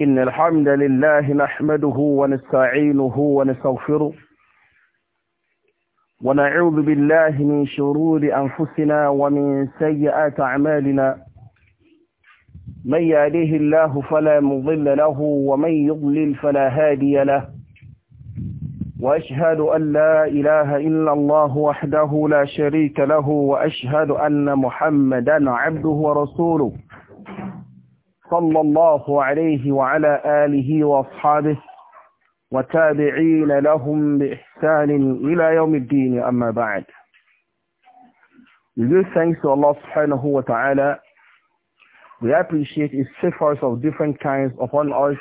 إن الحمد لله نحمده ونستعينه ونستغفره ونعوذ بالله من شرور أنفسنا ومن سيئات أعمالنا من يهديه الله فلا مضل له ومن يضلل فلا هادي له وأشهد أن لا إله إلا الله وحده لا شريك له وأشهد أن محمدا عبده ورسوله صلى الله عليه وعلى آله وأصحابه وتابعين لهم بإحسان إلى يوم الدين أما بعد We give thanks to Allah subhanahu wa ta'ala. We appreciate His favors of different kinds upon us.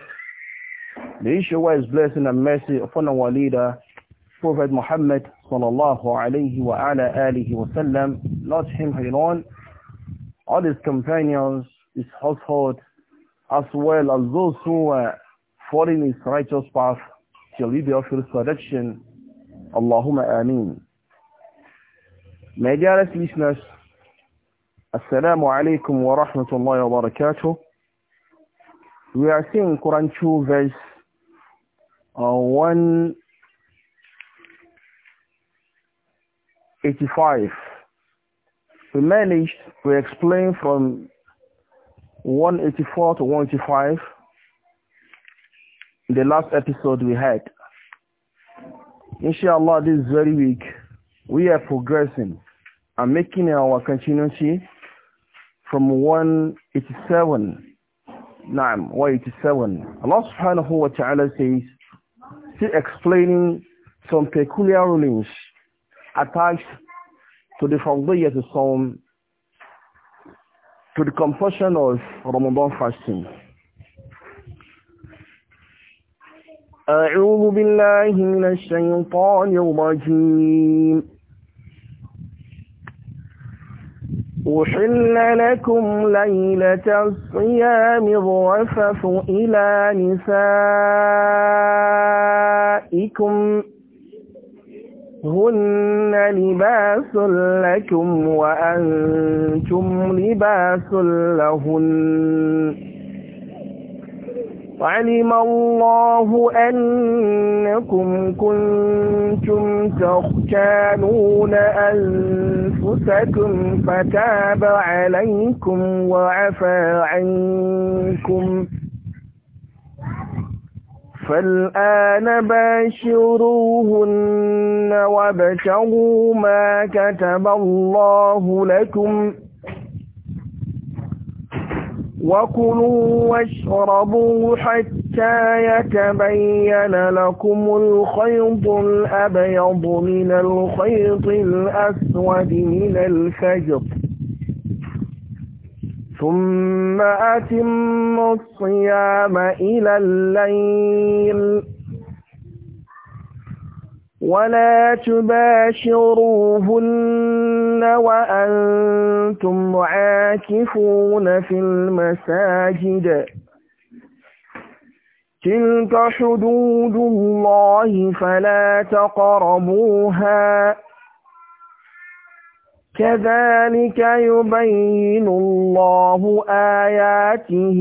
The issue was blessing and mercy upon our leader, Prophet Muhammad sallallahu alayhi wa ala alihi wa sallam, not him alone, all his companions, his household, as well as those who were following his righteous path till the day of resurrection. Allahumma ameen. My dearest listeners, Assalamu alaikum wa rahmatullahi wa barakatuh. We are seeing Quran 2 verse uh, 185. We managed to explain from 184 to 185 the last episode we had. Inshallah, this very week, we are progressing and making our continuity from 187. Naam, 187. Allah subhanahu wa ta'ala says, still explaining some peculiar rulings attached to the Fardiyat Psalm to the compulsion of Ramadan fasting. أعوذ بالله من الشيطان الرجيم أحل لكم ليلة الصيام الرفث إلى نسائكم هن لباس لكم وأنتم لباس لهن علم الله أنكم كنتم تختانون أنفسكم فتاب عليكم وعفى عنكم فالآن باشروهن وابتغوا ما كتب الله لكم وكلوا واشربوا حتى يتبين لكم الخيط الأبيض من الخيط الأسود من الفجر ثم أتم الصيام إلى الليل ولا تباشروهن وأنتم عاكفون في المساجد تلك حدود الله فلا تقربوها كَذَلِكَ يُبَيِّنُ اللَّهُ آيَاتِهِ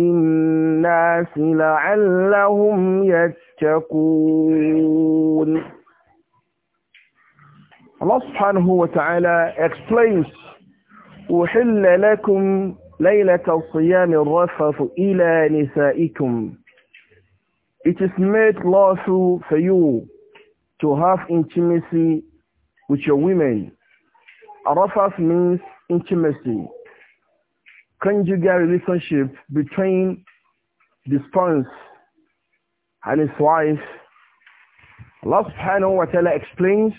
لِلنَّاسِ لَعَلَّهُمْ يَتَّقُونَ الله سبحانه وتعالى explains وحل لكم ليلة الصيام الرفض إلى نسائكم It is made lawful for you to have intimacy with your women. Arafat means intimacy, conjugal relationship between the spouse and his wife. Allah subhanahu wa ta'ala explains,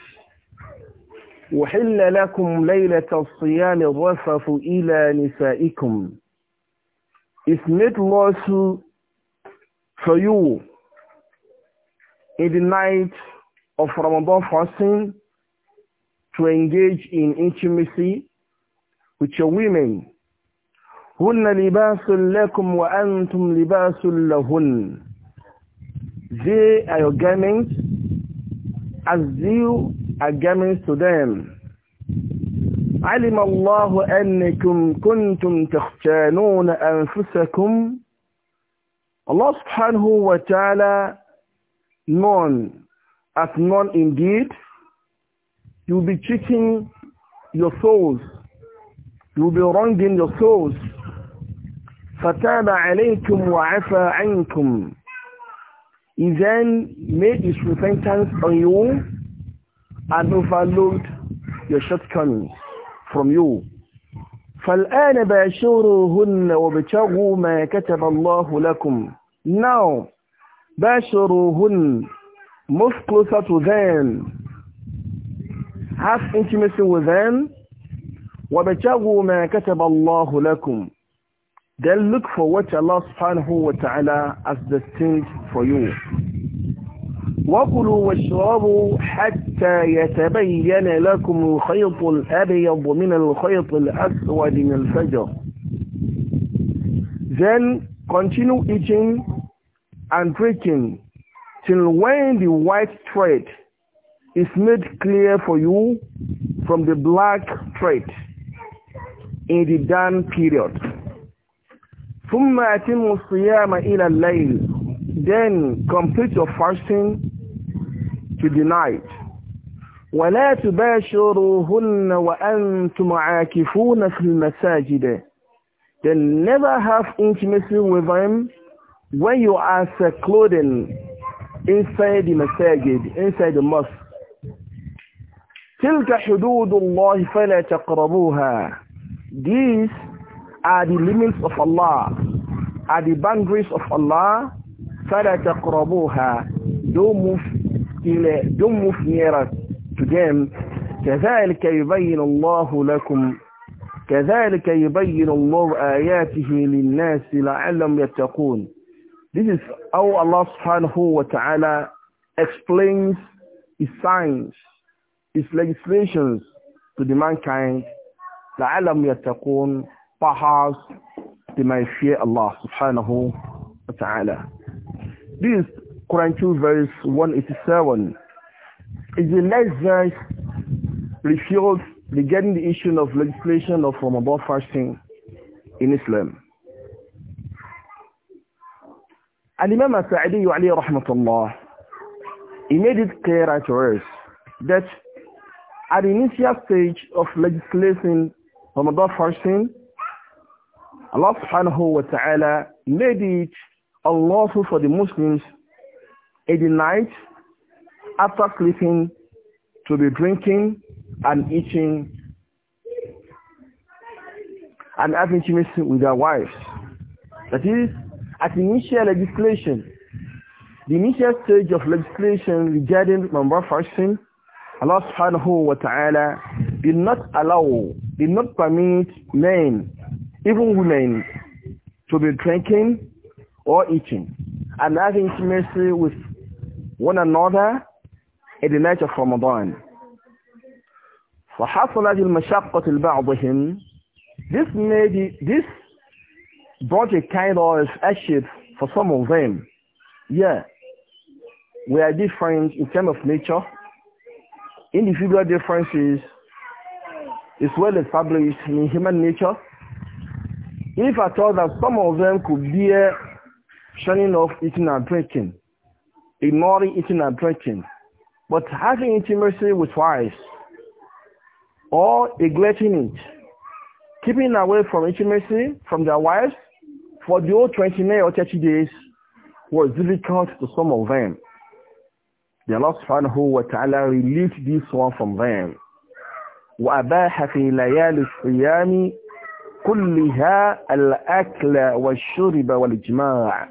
وَحِلَّ لَكُمْ لَيْلَةَ الصِّيَامِ الرَّفَثُ إِلَى نِسَائِكُمْ It's made lawful for you in the night of Ramadan fasting to engage in intimacy with your women. هن لباس لكم وأنتم لباس لهن. They are your garments as you are garments to them. علم الله أنكم كنتم تختانون أنفسكم Allah subhanahu wa ta'ala known as known indeed You'll be cheating your souls. You'll be wronging your souls. فَتَابَ عَلَيْكُمْ وَعَفَى عَنْكُمْ He then made his repentance on you and overlooked your shortcomings from you. فَالْآنَ بَاشُرُوهُنَّ وَابْتَغُوا مَا كَتَبَ اللَّهُ لَكُمْ Now, بَاشُرُوهُنَّ Move closer to them have intimacy with them. وَبَتَغُوا مَا كَتَبَ اللَّهُ لَكُمْ Then look for what Allah subhanahu wa ta'ala has destined for you. وَكُلُوا وَاشْرَبُوا حَتَّى يَتَبَيَّنَ لَكُمُ الْخَيْطُ الْأَبْيَضُ مِنَ الْخَيْطِ الْأَسْوَدِ مِنَ الْفَجْرِ Then continue eating and drinking till when the white thread is made clear for you from the black thread in the dawn period. ثم أتم الصيام إلى الليل then complete your fasting to the night. ولا تباشروهن وأنتم عاكفون في المساجد then never have intimacy with them when you are secluding inside the masjid, inside the mosque. تلك حدود الله فلا تقربوها These are the limits of Allah, are the boundaries of Allah. فلا تقربوها Don't move, don't move nearer to them. كذلك يبين الله لكم كذلك يبين الله آياته للناس لعلهم يتقون. This is how Allah subhanahu wa ta'ala explains his signs his legislations to the mankind, لَعَلَمْ يَتَّقُونَ Perhaps they might fear Allah subhanahu wa ta'ala. This Quran 2 verse 187 is the next verse reveals regarding the issue of legislation of Ramadan fasting in Islam. Al-Imam Sa'idi alayhi rahmatullah, he made it clear to us that at the initial stage of legislating Ramadan fasting, Allah subhanahu wa ta'ala made it unlawful for the Muslims in the night after sleeping to be drinking and eating and having intimacy with their wives. That is, at initial legislation, the initial stage of legislation regarding Ramadan fasting Allah subhanahu wa ta'ala did not allow, did not permit men, even women, to be drinking or eating and having intimacy with one another in the night of Ramadan. فحصلت المشقة لبعضهم This made this brought a kind of hardship for some of them. Yeah, we are different in terms of nature individual differences is well established in human nature. If I thought that some of them could bear shunning off eating and drinking, ignoring eating and drinking, but having intimacy with wives or neglecting it, keeping away from intimacy from their wives for the whole 29 or 30 days was difficult to some of them. The Allah subhanahu wa ta'ala released this one from them. وأباح في ليالي الصيام كلها الأكل والشرب والإجماع.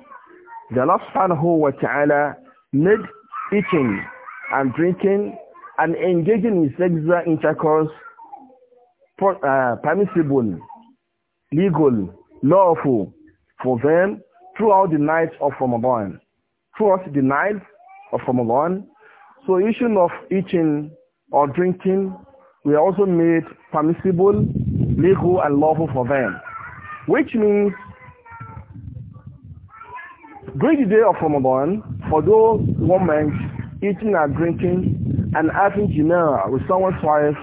The Allah subhanahu wa ta'ala made eating and drinking and engaging in sexual intercourse for, uh, permissible, legal, lawful for them throughout the night of Ramadan. Throughout the night of Ramadan. So eating of eating or drinking we also made permissible, legal and lawful for them. Which means during the day of Ramadan, for those women eating and drinking and having dinner with someone's wife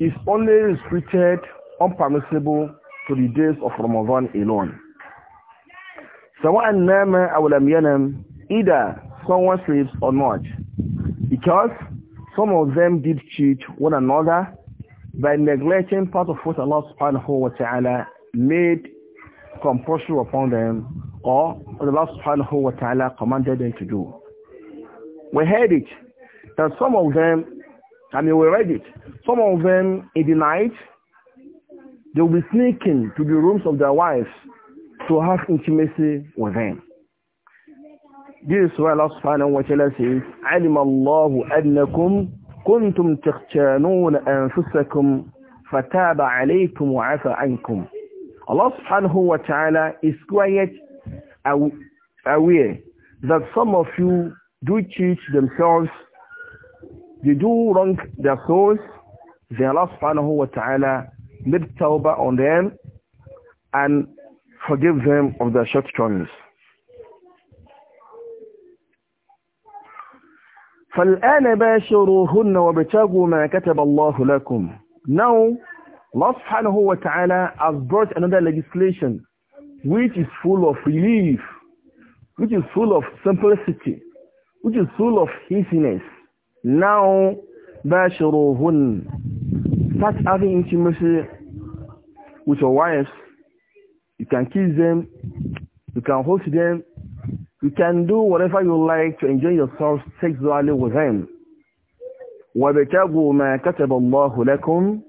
is only restricted, unpermissible to the days of Ramadan alone. So, نام أو لم ينم either someone sleeps or not. Because some of them did cheat one another by neglecting part of what Allah subhanahu wa ta'ala made compulsory upon them or what Allah subhanahu wa ta'ala commanded them to do. We heard it that some of them, I mean we read it, some of them in the night, they will be sneaking to the rooms of their wives to have intimacy with them. This is why Allah عَلِمَ اللَّهُ أَنَّكُمْ كُنْتُمْ تَخْتَانُونَ أَنفُسَكُمْ فَتَابَ عَلَيْكُمْ وَعَفَى عَنْكُمْ الله سبحانه وتعالى is quite aware that some of you do cheat themselves, they do wrong their souls, then Allah subhanahu wa ta'ala made tawbah on them and forgive them of their shortcomings. فالآن باشروهن وابتغوا ما كتب الله لكم Now, Allah subhanahu wa ta'ala has brought another legislation which is full of relief, which is full of simplicity, which is full of easiness. Now, bashiruhun. Start having intimacy with your wives. You can kiss them. You can hold them. You can do whatever you like to enjoy yourself sexually with them. وَبِتَغُوا مَا كَتَبَ اللَّهُ لَكُمْ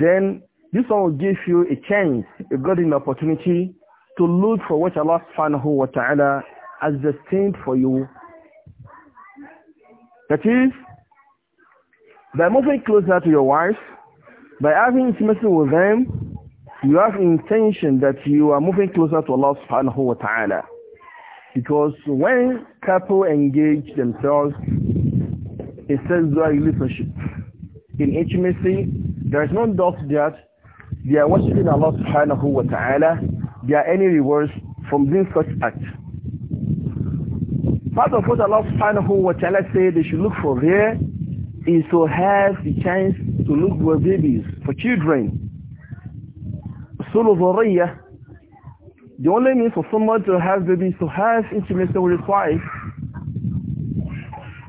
Then this one will give you a chance, a golden opportunity to look for what Allah subhanahu wa ta'ala has destined for you. That is, by moving closer to your wife, by having intimacy with them, you have intention that you are moving closer to Allah subhanahu wa ta'ala. Because when couple engage themselves in sexual relationship, in intimacy, there is no doubt that they are worshiping Allah subhanahu wa ta'ala, there are any rewards from doing such act. Part of what Allah subhanahu wa ta'ala said they should look for there is to have the chance to look for babies, for children. Sulu dhuriyah the only means for someone to have baby is to have intimacy with his wife.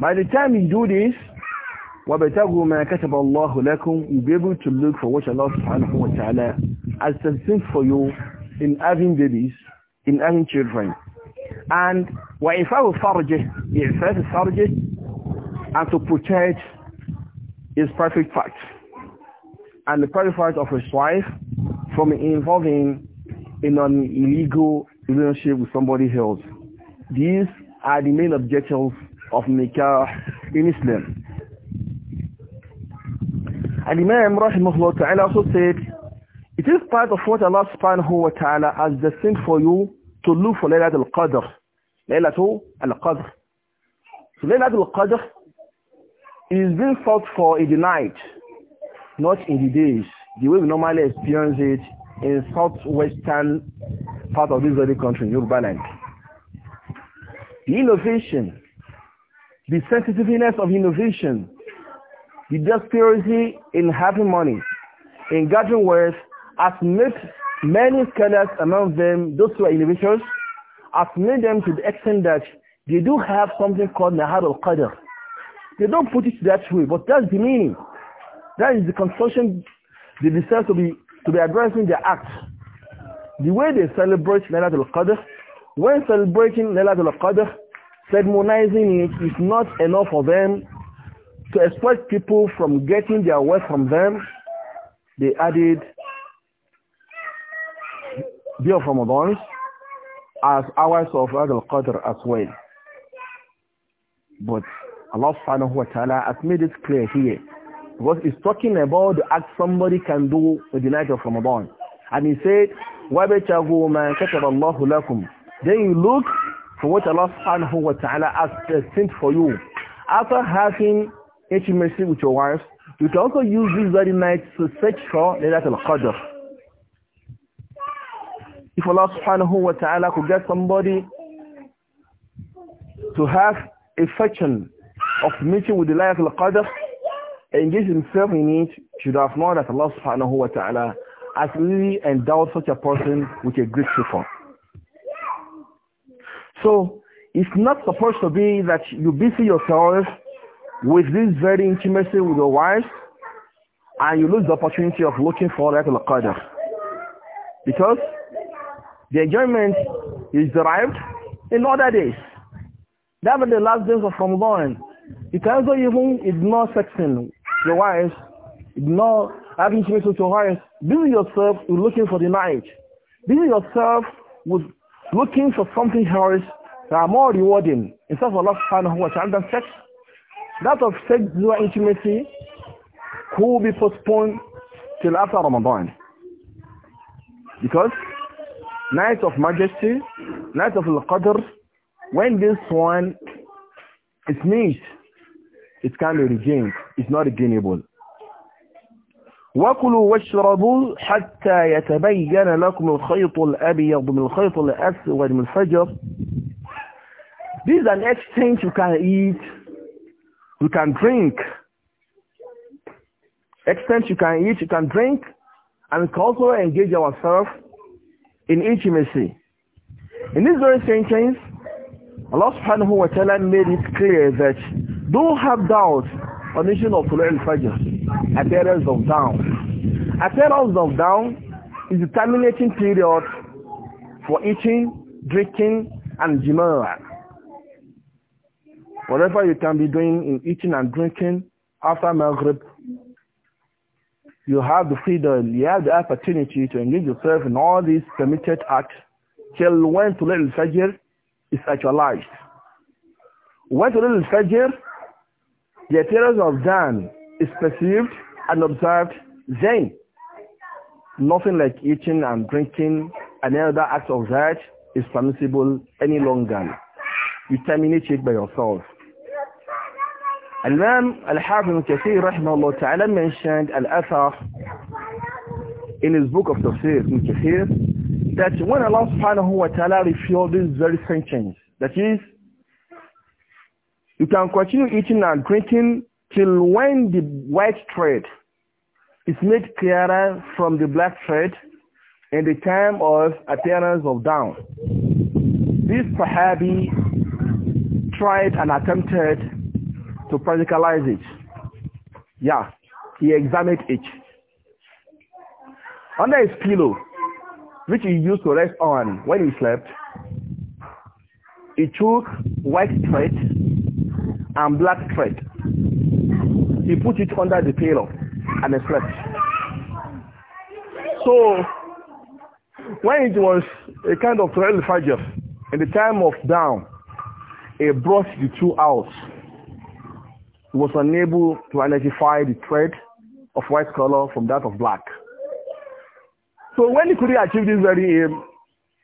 By the time you do this, وَبَتَغُوا مَا كَتَبَ اللَّهُ لَكُمْ You'll be able to look for what Allah subhanahu wa ta'ala has sent for you in having babies, in having children. And وَإِفَاءُ الثَّرْجِ إِعْفَاءُ الثَّرْجِ And to protect his perfect part and the perfect part of his wife from involving in an illegal relationship with somebody else. These are the main objectives of nikah in Islam. And Imam Rahimahullah Ta'ala also said, it is part of what Allah subhanahu wa ta'ala has destined for you to look for Laylat al-Qadr. Laylatul al-Qadr. So Laylat al-Qadr is being sought for in the night, not in the days. The way we normally experience it in southwestern part of this very country, Yoruba land. The innovation, the sensitiveness of innovation, the dexterity in having money, in gathering wealth, has made many scholars among them, those who are innovators, has made them to the extent that they do have something called Nahar al-Qadr. They don't put it that way, but that's the meaning. That is the construction the desire to be to be addressing their acts. The way they celebrate Laylatul Qadr, when celebrating Laylatul Qadr, sermonizing it is not enough for them to exploit people from getting their wealth from them. They added day of Ramadan as hours of Laylatul Qadr as well. But Allah subhanahu wa ta'ala has made it clear here Because it's talking about the act somebody can do with the night of Ramadan. And he said, وَبَتَغُوا مَا كَتَبَ اللَّهُ لَكُمْ Then you look for what Allah subhanahu wa ta'ala has sent for you. After having intimacy with your wife, you can also use this very night to search for Laylat al-Qadr. If Allah subhanahu wa ta'ala could get somebody to have a fashion of meeting with the Laylat al-Qadr, engage himself in it should have known that Allah subhanahu wa ta'ala has really endowed such a person with a great favor. So it's not supposed to be that you busy yourself with this very intimacy with your wife and you lose the opportunity of looking for that al-qadr. Because the enjoyment is derived in other days. That was the last days of Ramadan. You can also even ignore sexing your wife, ignore having sex with your wife. Busy yourself with looking for the night. Busy yourself with looking for something else that are more rewarding instead of Allah subhanahu wa ta'ala than sex. That of sexual intimacy could be postponed till after Ramadan. Because night of majesty, night of Al-Qadr, when this one is missed, it can be regained. It's not regainable. وكلوا واشربوا حتى يتبين لكم الخيط الأبيض من الخيط الأسود من الفجر This is an exchange you can eat, you can drink. Exchange you can eat, you can drink, and also engage ourselves in intimacy. In this very sentence, Allah subhanahu wa ta'ala made it clear that don't have doubts on the issue of Tulul al-Fajr, appearance of down. Appearance of down is a terminating period for eating, drinking, and jimara. Whatever you can be doing in eating and drinking after Maghrib, you have the freedom, you have the opportunity to engage yourself in all these permitted acts till when Tulul al-Fajr is actualized. When Tulul al-Fajr the appearance of Dan is perceived and observed then. Nothing like eating and drinking and any other act of that is permissible any longer. You terminate it by yourself. Imam Al-Hafiz Kathir ta'ala mentioned Al-Athar in his book of Tafsir in Kathir that when Allah subhanahu wa ta'ala revealed this very sentence, that is, you can continue eating and drinking till when the white thread is made clearer from the black thread in the time of appearance of dawn. This Sahabi tried and attempted to practicalize it. Yeah, he examined it. Under his pillow, which he used to rest on when he slept, he took white thread and black thread. He put it under the pillow and he slept. So, when it was a kind of Torah Fajr, in the time of dawn, he brought the two out. He was unable to identify the thread of white color from that of black. So when he couldn't achieve this very aim,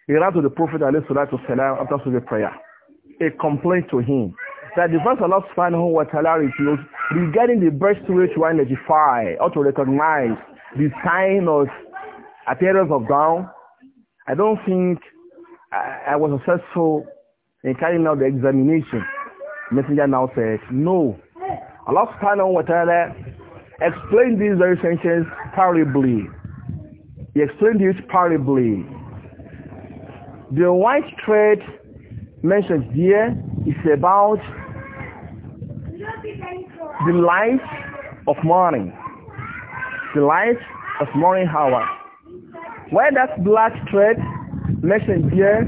he ran to the Prophet والسلام, after Sunday prayer. He complained to him that the verse Allah subhanahu wa ta'ala reveals regarding the birth to identify or to recognize the sign of appearance of down. I don't think I, I was successful in carrying out the examination. Messenger now says, no. Allah subhanahu wa ta'ala explained these very sentences parably. He explained it parably. The white thread mentioned here is about the light of morning, the light of morning hour. Where that black thread mentioned here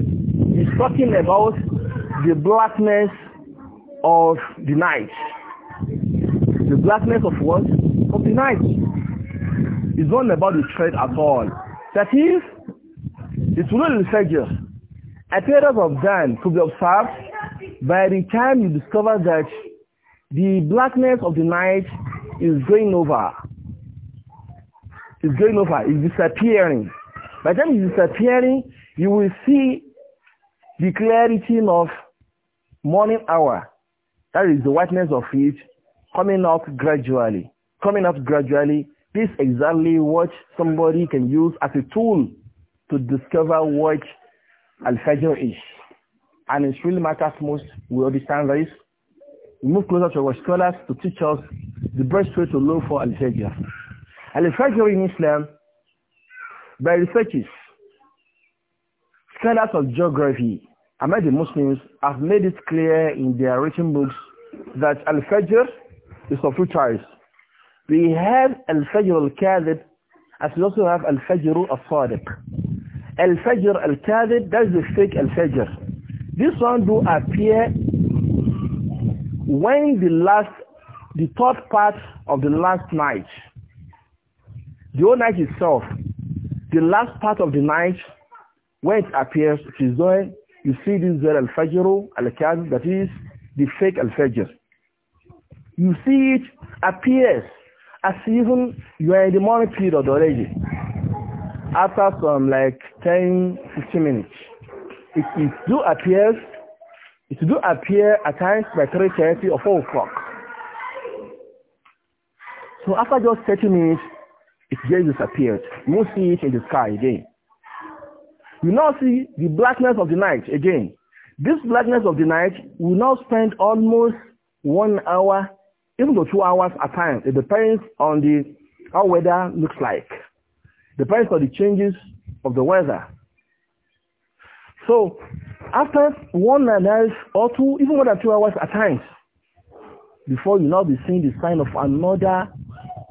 is talking about the blackness of the night. The blackness of what? Of the night. It's not about the thread at all. That is, it's really religious. A period of time to be observed by the time you discover that The blackness of the night is going over. It's going over. It's disappearing. By the time it's disappearing, you will see the clarity of morning hour. That is the whiteness of it coming up gradually. Coming up gradually. This is exactly what somebody can use as a tool to discover what Al-Fajr is. And it really matters most. We understand this we move closer to our scholars to teach us the best way to look for al-fajr. Al-fajr in Islam, by researchers, scholars of geography among the Muslims have made it clear in their written books that al-fajr is of two types. We have al-fajr al-kadhib as we also have al-fajr al-sadiq. Al-fajr al-kadhib, that is the fake al-fajr. This one do appear when the last, the third part of the last night, the whole night itself, the last part of the night, when it appears, it is there, you see this there al-fajr al-kadhib, that is the fake al-fajr. You see it appears as even you are in the morning period already. After some like 10, 15 minutes, it, it do appears It do appear at times by 3.30 or 4 o'clock. So after just 30 minutes, it just disappeared. You won't see it in the sky again. You now see the blackness of the night again. This blackness of the night will now spend almost one hour, even to two hours at times. It depends on the how weather looks like. Depends on the changes of the weather. So after one and a half or two, even more than two hours at times, before you now be seeing the sign of another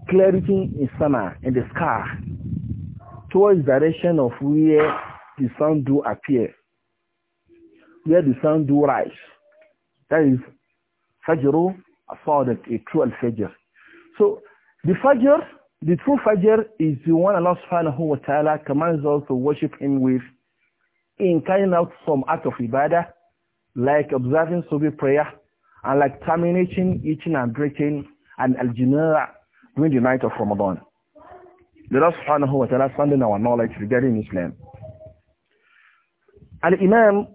clarity in summer in the sky towards the direction of where the sun do appear, where the sun do rise. That is Fajr, Asadat, a true Al-Fajr. So the Fajr, the true Fajr is the one Allah subhanahu wa ta'ala commands us to worship him with in carrying out some act of ibadah, like observing Subi prayer, and like terminating eating and drinking and al-jinaa during the night of Ramadan. The Lord subhanahu wa ta'ala expanding our knowledge regarding Islam. Al-Imam,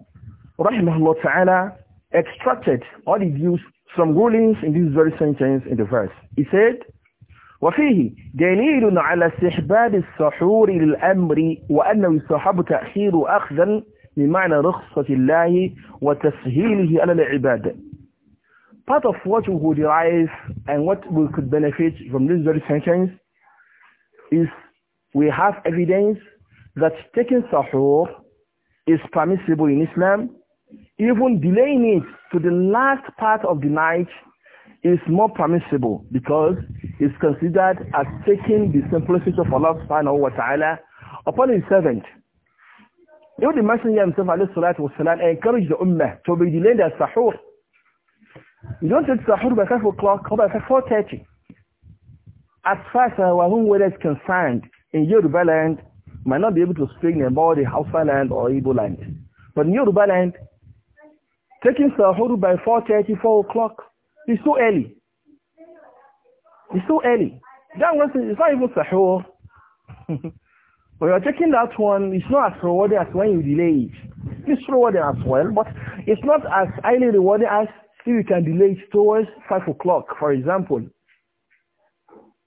rahimahullah ta'ala, extracted all the views, some rulings in this very sentence in the verse. He said, وفيه دليل على استحباب السحور للأمر وأنه يستحب تأخير أخذا بمعنى رخصة الله وتسهيله على العباد Part of what we would derive and what we could benefit from this very sentence is we have evidence that taking sahur is permissible in Islam, even delaying it to the last part of the night is more permissible because it's considered as taking the simplicity of Allah subhanahu wa ta'ala upon his servant. Even the messenger himself alayhi salatu salam, encouraged the ummah to be delaying the sahur. You don't take sahur by 5 o'clock or by 4.30. As far as our own weather is concerned, in Yoruba land, might not be able to speak about the Hausa land or Igbo land. But in Yoruba land, taking sahur by 4.30, 4 o'clock, It's so early. It's so early. That one is not even sahur. but you're taking that one, it's not as rewarding as when you delay it. It's rewarding as well, but it's not as highly rewarding as if you can delay it towards 5 o'clock, for example.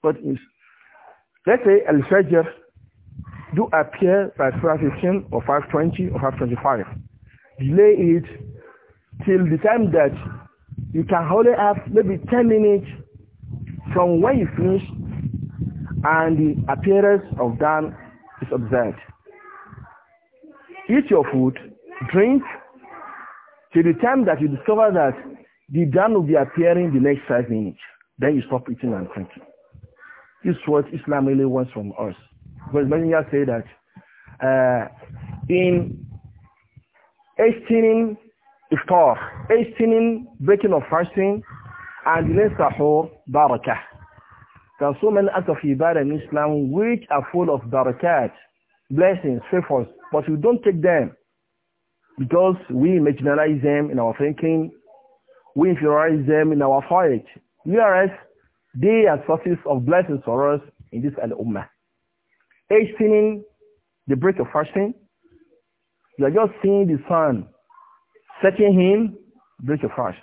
But let's say Al-Fajr do appear by 5.15 or 5.20 or 5.25. Delay it till the time that you can hold it up maybe 10 minutes from when you finish and the appearance of dawn is observed. Eat your food, drink, till the time that you discover that the dawn will be appearing the next five minutes. Then you stop eating and drinking. This is what Islam really wants from us. Because Messenger say that uh, in hastening iftar, hastening breaking of fasting, and delaying sahur, barakah. There are so many acts of ibadah in Islam which are full of barakat, blessings, favors, but we don't take them because we marginalize them in our thinking, we inferiorize them in our fight. Whereas they are sources of blessings for us in this Al-Ummah. Hastening the break of fasting, you are just seeing the sun Setting him, break your fast.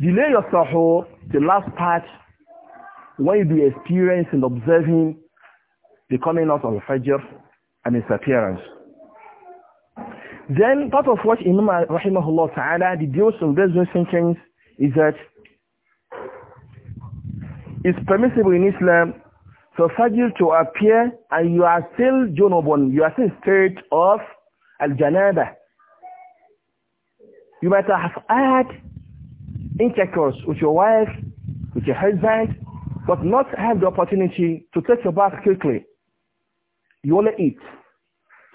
Delay your sahur, the last part, when you be experiencing observing the coming out of Fajr and its appearance. Then part of what Imam Rahimahullah Ta'ala deduced from these thinkings is that it's permissible in Islam for Fajr to appear and you are still junubun, you are still in state of al-janabah. You might have had intercourse with your wife, with your husband, but not have the opportunity to take your bath quickly. You only eat.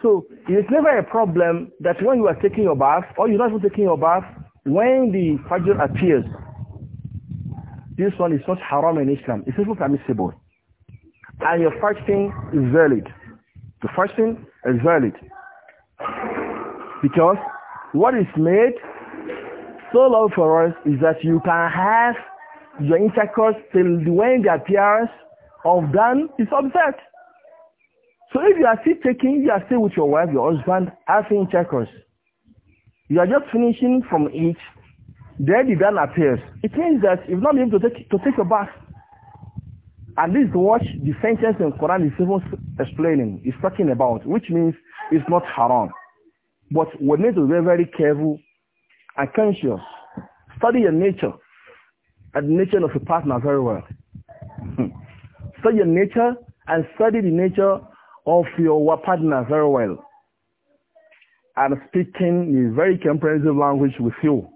So it is never a problem that when you are taking your bath or you're not even taking your bath, when the fajr appears, this one is not haram in Islam. It's even permissible. And your fasting is valid. The fasting is valid. Because what is made So love for us is that you can have your intercourse till when the appearance of dawn is upset. So if you are still taking, you are still with your wife, your husband, having intercourse. You are just finishing from it, then the dawn appears. It means that you've not been able to take, to take a bath. And this is what the sentence in Quran is even explaining, is talking about, which means it's not haram. But we need to be very careful attention, study your nature and the nature of your partner very well. Hmm. study your nature and study the nature of your partner very well. And speaking a very comprehensive language with you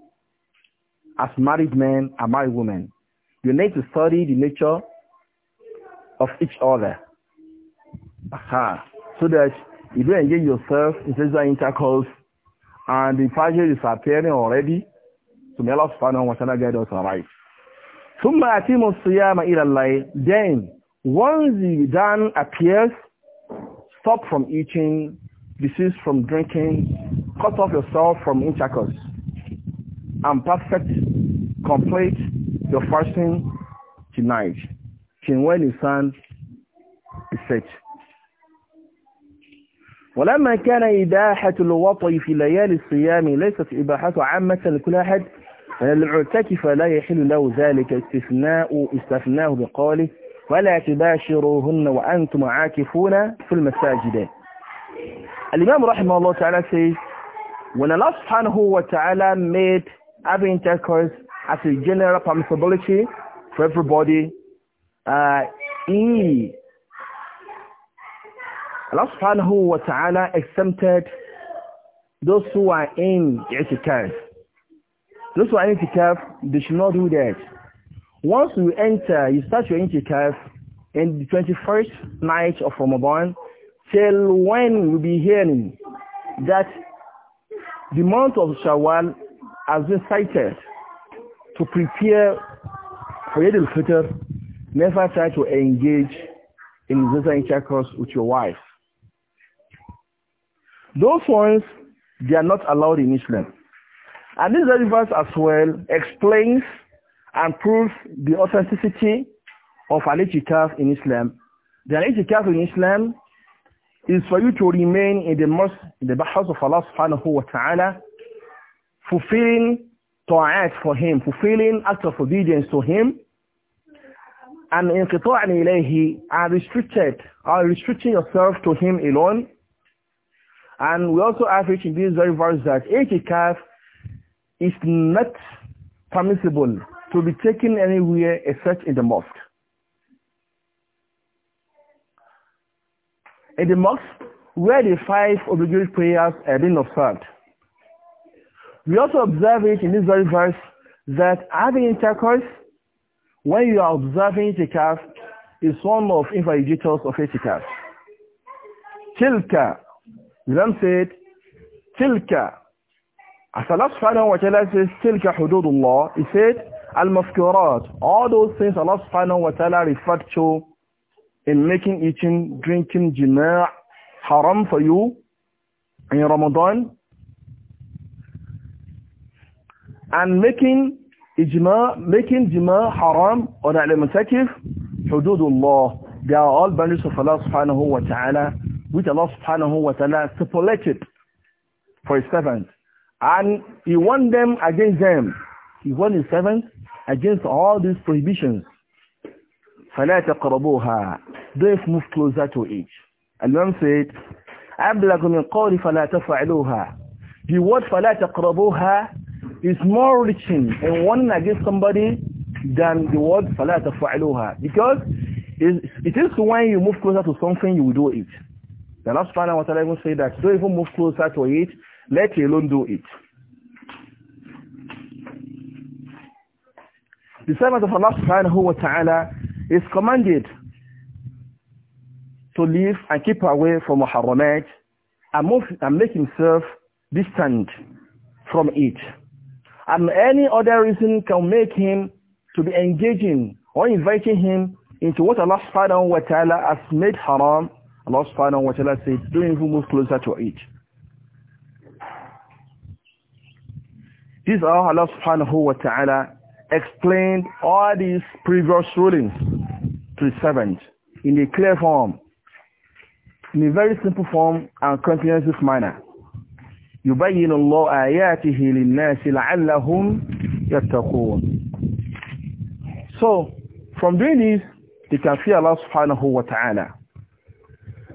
as married men and married women. You need to study the nature of each other. Aha. So that you don't engage yourself in sexual intercourse and the fajr is appearing already, so may Allah subhanahu wa ta'ala guide us right. ثم أتم الصيام إلى الليل. Then, once the dawn appears, stop from eating, desist from drinking, cut off yourself from intercourse, and perfect, complete your fasting tonight, till when sun is set. ولما كان إباحة الوطي في ليالي الصيام ليست إباحة عامة لكل أحد فالمعتكف لا يحل له ذلك استثناء استثناه بقوله ولا تباشروهن وأنتم عاكفون في المساجد الإمام رحمه الله تعالى says, when Allah subhanahu wa ta'ala made having intercourse as a general permissibility for everybody, uh, He Allah subhanahu wa ta'ala exempted those who are in itikaf. Those who are in itikaf, they should not do that. Once you enter, you start your itikaf in the 21st night of Ramadan till when you'll be hearing that the month of Shawwal has been cited to prepare for Eid al-Fitr. Never try to engage in zina intercourse with your wife. Those ones, they are not allowed in Islam. And this very verse as well explains and proves the authenticity of an itikaf in Islam. The itikaf in Islam is for you to remain in the mosque, in the house of Allah subhanahu wa ta'ala, fulfilling ta'at for him, fulfilling acts of obedience to him, and in qita'an ilayhi, and restricted, are restricting yourself to him alone, And we also have it in this very verse that itikaf is not permissible to be taken anywhere except in the mosque. In the mosque, where the five obligatory prayers are being observed. We also observe it in this very verse that having intercourse when you are observing itikaf is one of invaliditors of itikaf. Tilka إذن سيد تلك أسأل الله سبحانه وتعالى سيد تلك حدود الله سيد المذكورات all those things Allah سبحانه وتعالى referred to in making eating drinking جماع حرام for you in Ramadan and making إجماع making جماع حرام ونعلم المساكف حدود الله they are all boundaries of Allah سبحانه وتعالى which Allah subhanahu wa ta'ala stipulated for his servants. And he warned them against them. He warned his servants against all these prohibitions. فَلَا تَقْرَبُوهَا Don't move closer to each. And imam said, أَبْلَغُ مِنْ قَوْلِ فَلَا تَفْعَلُوهَا The word فَلَا تَقْرَبُوهَا is more reaching and warning against somebody than the word فَلَا تَفْعَلُوهَا because it is when you move closer to something you will do it. The last subhanahu wa ta'ala even say that don't even move closer to it, let alone do it. The servant of Allah subhanahu wa ta'ala is commanded to live and keep away from Muharramat and, move, and make himself distant from it. And any other reason can make him to be engaging or inviting him into what Allah subhanahu wa ta'ala has made haram Allah subhanahu wa ta'ala said, don't even move closer to it. These are Allah subhanahu wa ta'ala explained all these previous rulings to the servant in a clear form, in a very simple form and comprehensive manner. يبين الله آياته للناس لعلهم يتقون So, from doing this, they can fear Allah subhanahu wa ta'ala.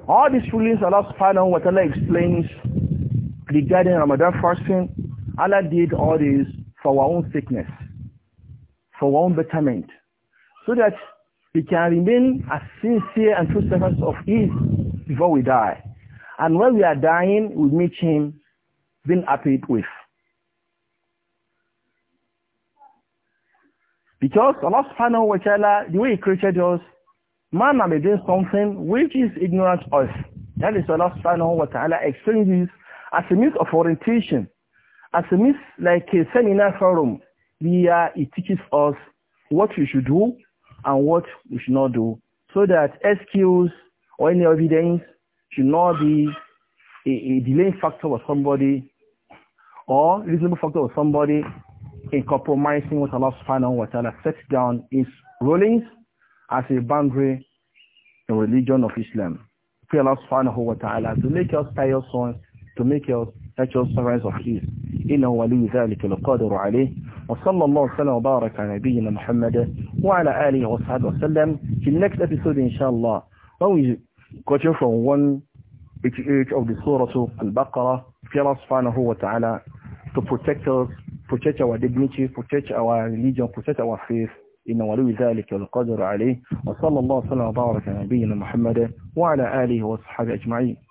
All these rulings Allah subhanahu wa ta'ala explains regarding Ramadan fasting. Allah did all this for our own sickness, for our own betterment, so that we can remain as sincere and true servants of His before we die. And when we are dying, we meet Him being happy with. Because Allah subhanahu wa ta'ala, the way He created us, Man may be doing something which is ignorant of. That is Allah subhanahu wa ta'ala explains as a means of orientation, as a means like a seminar forum Here, it teaches us what we should do and what we should not do so that excuse or any evidence should not be a, a delaying factor for somebody or reasonable factor for somebody in compromising what Allah subhanahu wa ta'ala sets down his rulings as a boundary in religion of Islam. Pray Allah subhanahu wa ta'ala to make us pious sons, to make us righteous servants of His. إنه ولي ذلك القادر عليه وصلى الله وسلم وبارك على نبينا محمد وعلى آله وصحبه وسلم في next episode inshallah when we continue from 188 of the Surah Al-Baqarah pray Allah subhanahu wa ta'ala to protect us protect our dignity protect our religion protect our faith إن ولي ذلك القدر عليه وصلى الله وسلم وبارك على نبينا محمد وعلى آله وصحبه أجمعين